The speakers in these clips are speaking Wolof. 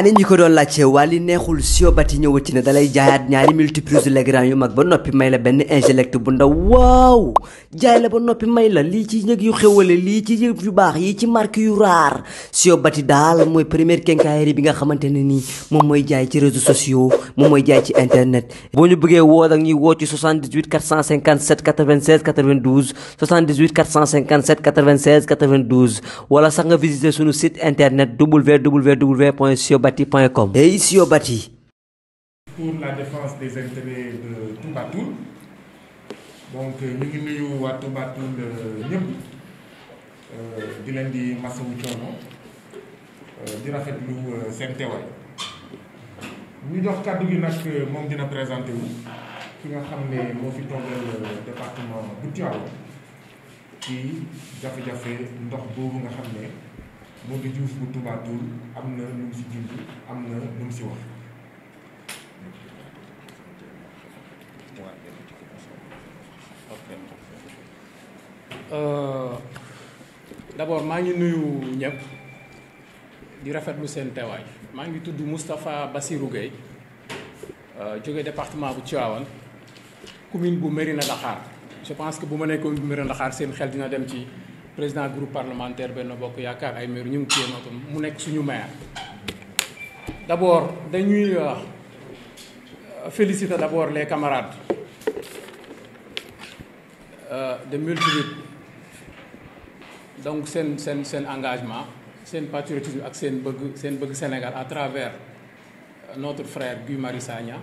ani ñi ko doon laajte Wally neexul siobati ñëwati na dalay jaayaat ñaari multiprise Legrand mag ba noppi may la benn Ingelect bu ndaw waaw jaay la ba noppi may la lii ci njëg yu xewale lii ci yëf yu baax yi ci marque yu raar siobati daal mooy première quincaillerie bi nga xamante ne nii moom mooy jaay ci réseaux sociaux moom mooy jaay ci internet boo ñu bëggee woo ak ñuy woo ci 78 457 96 92 78 457 96 92 wala sax nga visiter suñu site internet www.siobati isiobati.com et Isiobati. pour la défense des intérêts de Toubatoul donc euh, ñu ngi nuyu waa Toubatoul euh, ñëpp euh, di leen di masawu coono di rafetlu seen teewaay ñu jox kàddu gi nag moom dina présenté ki nga xam ne moo fi toogal département bu Tivaouane ci jafe-jafe ndox boobu nga xam ne. Modou Diouf bu Touba Toul am na lu mu si junj am na lu mu si wax. Euh, d'abord maa ngi nuyu ñëpp di lu seen teewaay maa ngi tudd mustafa Bassirou Gueye euh, jóge département bu Tivaouane commune bu Mérina Dakhar je pense que bu ma nekkoon bu Mérina Dakhar seen xel dina dem ci. président groupe parlementaire benn Bokk Yaakaar ay maire ñu ngi téye notam mu nekk suñu maire d'abord dañuy euh, féliciter d'abord les camarades euh, de multitude donc seen seen seen engagement seen patriotisme ak seen bëgg seen bëgg Sénégal à travers euh, notre frère Guy Marius Sagna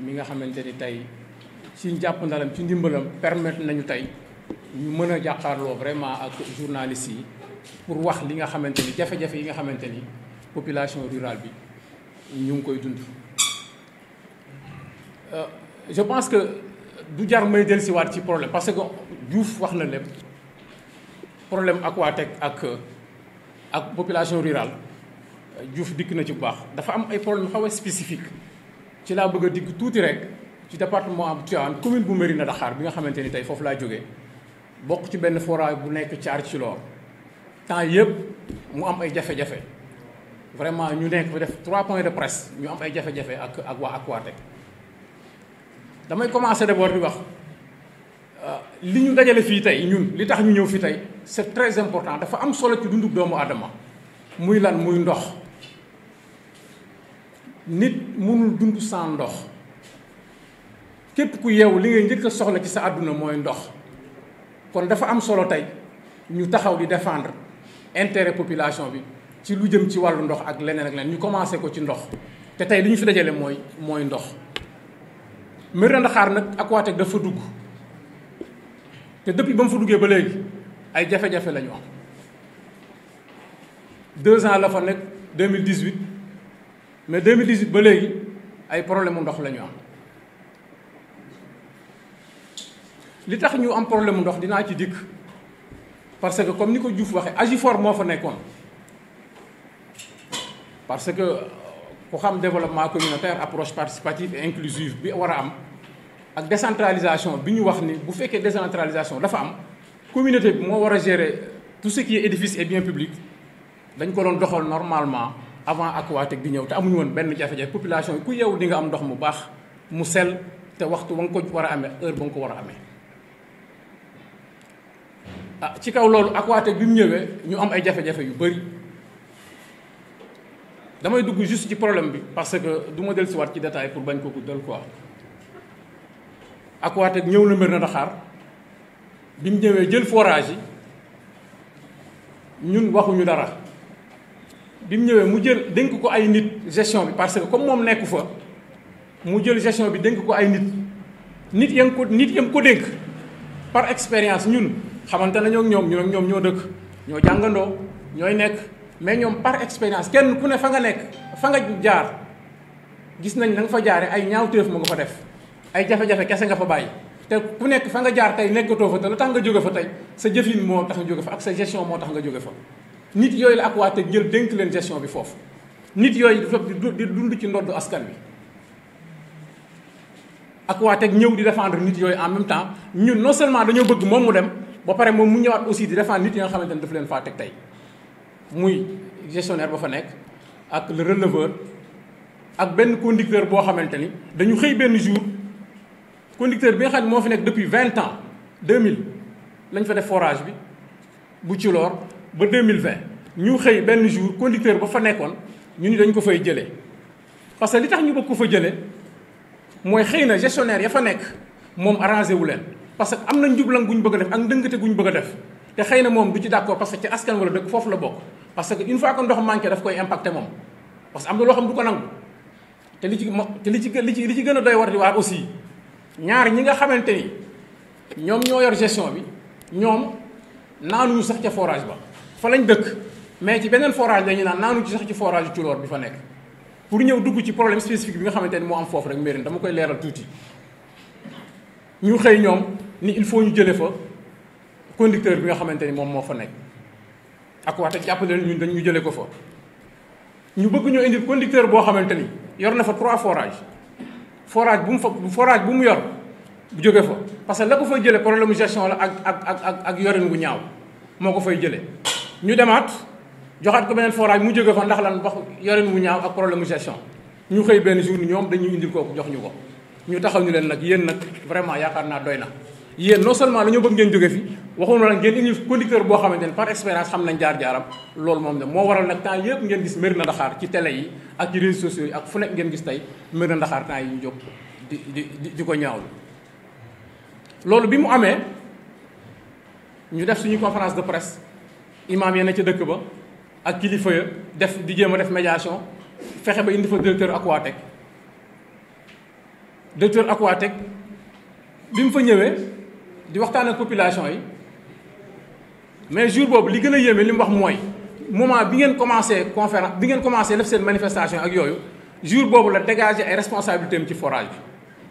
mi nga xamante ni tey ci jàpp ndalam ci ndimbalam permettre nañu tey ñu mën a jàkkaarloo vraiment ak journalistes yi pour wax li nga xamante ni jafe-jafe yi nga xamante ni population rurale bi ñu ngi koy dund. Euh, je pense que du jar may dell dellusiwaat ci problème parce que Diouf wax na lépp problème ak Aquatech ak ak population rural Diouf dikk na ci bu baax dafa am ay problème xaw a spécifique ci laa bëgg a dikk tuuti rek ci département bu Tivaouane commune bu Mérina Dakhar bi nga xamante ni tey foofu laa jóge bokk ci benn forage bu nekk ci Arculor temps yëpp mu am ay jafe-jafe vraiment ñu nekk fa def trois points de presse ñu am ay jafe-jafe ak ak waa Aquatec damay commencer d'abord di wax euh, li ñu dajale fii tey ñun li tax ñu ñëw fii tey c'est très important dafa am solo ci dundu doomu aadama muy lan muy ndox nit mënul dundu sans ndox képp ku yeewu li ngay njëkk a soxla ci sa àdduna mooy ndox kon dafa am solo tey ñu taxaw di defendre intérêt population bi ci lu jëm ci wàllu ndox ak leneen ak leneen ñu commencé ko ci ndox te tey li ñu fi dajale mooy mooy ndox Mérina Dakhar nag ak Aquatech dafa dugg te depuis ba mu fa duggee ba léegi ay jafe-jafe la ñu am deux ans la fa nekk 2018 mais deux 2018 ba léegi ay problème mu ndox la ñu am li tax ñu am problème ndox dinaa ci dikk parce que comme ni ko Diouf waxee Agifor moo fa nekkoon parce que ku xam développement communautaire approche participative et inclusive bi war a am ak décentralisation bi ñu wax ni bu fekkee décentralisation dafa am communauté bi moo war a gérer tout ce qui est édifice et bien public dañ ko doon doxal normalement avant Aquatec di ñëw te amuñu woon benn jafe-jafe population ku yeewu di nga am ndox mu baax mu sel te waxtu wa nga ko war a amee heure ba nga ko war a amee ah ci kaw loolu Aquatech bi mu ñëwee ñu am ay jafe-jafe yu bëri damay dugg juste ci problème bi parce que du ma dellusiwaat ci détail pour bañ ko ak quoi Aquatech ñëw na mbir na daxaar bi mu ñëwee jël forage yi ñun waxuñu dara bi mu ñëwee mu jël dénk ko ay nit gestion bi parce que comme moom nekku fa mu jël gestion bi dénk ko ay nit nit yam ko nit yam ko dénk par expérience ñun xamante nañoo ak ñoom ñoo ñoom ñoo dëkk ñoo jàngandoo ñooy nekk mais ñoom par expérience kenn ku ne fa nga nekk fa nga jaar gis nañ na nga fa jaare ay ñaawteef mu nga fa def ay jafe kese nga fa bàyyi te ku nekk fa nga jaar tey nekkatoo fa te lu tax nga jóge fa tey sa jëfin moo tax nga jóge fa ak sa gestion moo tax nga jóge fa nit yooyu la Aquatech jël dénk leen gestion bi foofu nit yooyu di dund ci ndoddu askan bi Aquatech ñëw di défendre nit yooyu en même temps ñun non seulement dañoo bëgg moom mu dem ba pare moom mu ñëwaat aussi di defaa nit yi nga xamante ne daf leen faa teg tey muy gestionnaire ba fa nekk ak le ak benn conducteur boo xamante ni dañu xëy benn jour conducteur bi nga xam ne moo fi nekk depuis vingt ans deux mille lañ fa def forage bi bu ci loor ba deux mille vingt ñu xëy benn jour conducteur ba fa nekkoon ñu ni dañ ko fay jëlee parce que li tax ñu bëgg ko fa jëlee mooy xëy na gestionnaire ya fa nekk moom arrangé wu leen. parce que am na njublan guñ bëgg a def ak ndëngate guñ bëgg a def te xëy na moom du ci d'accord parce que ci askan wala dëkk foofu la bokk parce que une fois que ndox manqué daf koy impacté moom parce que am na loo xam du ko nangu te li ci te li ci li ci gën a doy war di waar aussi ñaar ñi nga xamante ni ñoom ñoo yor gestion bi ñoom naanuñu sax ca forage ba fa lañ dëkk mais ci beneen forage dañu naan naanuñu ci sax ci forage ci loor bi fa nekk pour ñëw dugg ci problème spécifique bi nga xamante ni moo am foofu rek Mbérène dama koy leeral tuuti xëy ñoom ni il faut ñu jëlee fa conducteur bi nga xamante ni moom moo fa nekk ak waxte jàppale ñun dañ ñu jëlee ko fa. ñu bëgg ñoo indi conducteur boo xamante ni yor na fa trois forages forage bu mu fa forage bu mu yor jóge fa parce que la ko fay jëlee problème gestion la ak ak ak ak ak yorin gu ñaaw moo ko fay jële ñu demaat joxaat ko beneen forage mu jóge fa ndax lan wax yorin wu ñaaw ak problème gestion ñu xëy benn jour ñoom dañuy indi kooku jox ñu ko ñu taxaw ñu leen nag yéen nag vraiment yaakaar naa doy na. yéen non seulement la ñu bëgg ngeen jóge fi waxoon na ngeen indi conducteur boo xamante par expérience xam nañ jaar-jaaram loolu moom ne moo waral nag temps yëpp ngeen gis Mérina Dakhar ci télé yi ak ci réseaux sociaux yi ak fu nekk ngeen gis tey Mérina Dakhar temps yi ñu jóg di di di ko ñaawlu loolu bi mu amee ñu def suñu conférence de presse imaam ya na ca dëkk ba ak kilifa ya def di jéem a def médiation fexe ba indi fa directeur Aquatec directeur Aquatec bi mu fa ñëwee di waxtaan ak population yi mais jour boobu li gën a yéeme li mu wax mooy moment bi ngeen commencé conférence bi ngeen commencé def seen manifestation ak yooyu jour boobu la dégager ay responsabilité am ci forage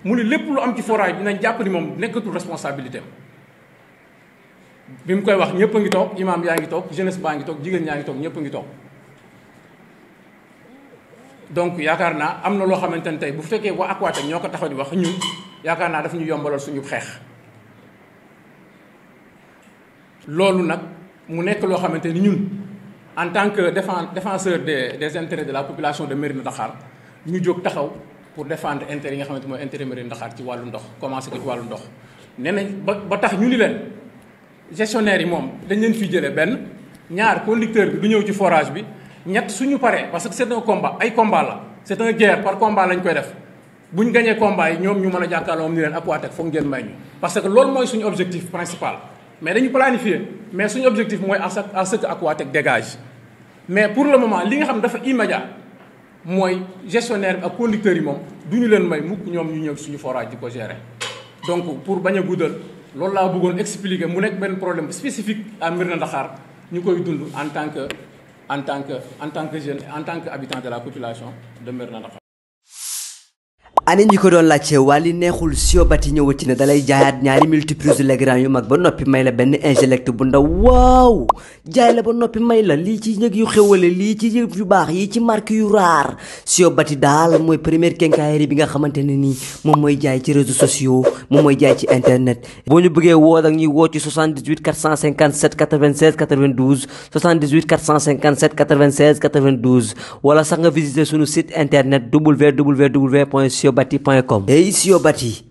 bi mu ne lépp lu am ci forage bi nañ jàpp ni moom nekkatul responsabilité am bi mu koy wax ñëpp a ngi toog imaam yaa ngi toog jeunesse baa ngi toog jigéen ñaa ngi toog ñëpp a ngi toog donc yaakaar naa am na loo xamante ne tey bu fekkee waa Aquatech ñoo ko taxaw di wax ñun yaakaar naa daf ñu yombalal suñu xeex loolu nag mu nekk loo xamante ni ñun en tant que défense défenseur des des intérêts de la population de Mérina Dakhar ñu jóg taxaw pour défendre intérêt yi nga xamante mooy intérêt Mérina Dakhar ci wàllu ndox commencé ko ci wàllu ndox nee nañ ba ba tax ñu ni leen gestionnaire yi moom dañ leen fiy jëlee benn ñaar conducteur bi du ñëw ci forage bi ñett suñu paree parce que c'est un combat ay combat la c'est un guerre par combat lañ koy def buñ gañee combat yi a jàkkaarloo am ni leen Aquatech foog parce que loolu mooy suñu objectif principal mais dañu planifier mais suñu objectif mooy à ce à ce que Aquatech dégage mais pour le moment li nga xam dafa immédiat mooy gestionnaire bi ak conducteurs yi moom du ñu leen may mukk ñoom ñu ñëw suñu forage di ko gérer. donc pour bañ a guddal loolu laa bëggoon expliquer mu nekk benn problème spécifique à na ndaxaar ñu koy dund en tant que en tant que en tant que jeune en tant que habitant de la population de Mérina Dakhar ane ñi ko doon laajte wàlli neexul siobati ñëwati na dalay jaayaat ñaari multiprise Legrand yu mag ba noppi may la benn ingelect bu ndaw waaw jaay la ba noppi may la lii ci njëg yu xewale lii ci yëf yu baax yi ci marque yu raar siobati daal mooy première quincaillerie bi nga xamante ne nii moom mooy jaay ci réseaux sociaux moom mooy jaay ci internet boo ñu bëggee woo ñuy woo ci 78 457 96 92 78 457 96 92 wala sax nga visiter sunu site internet www.siobati yobati point com. Eish Yobati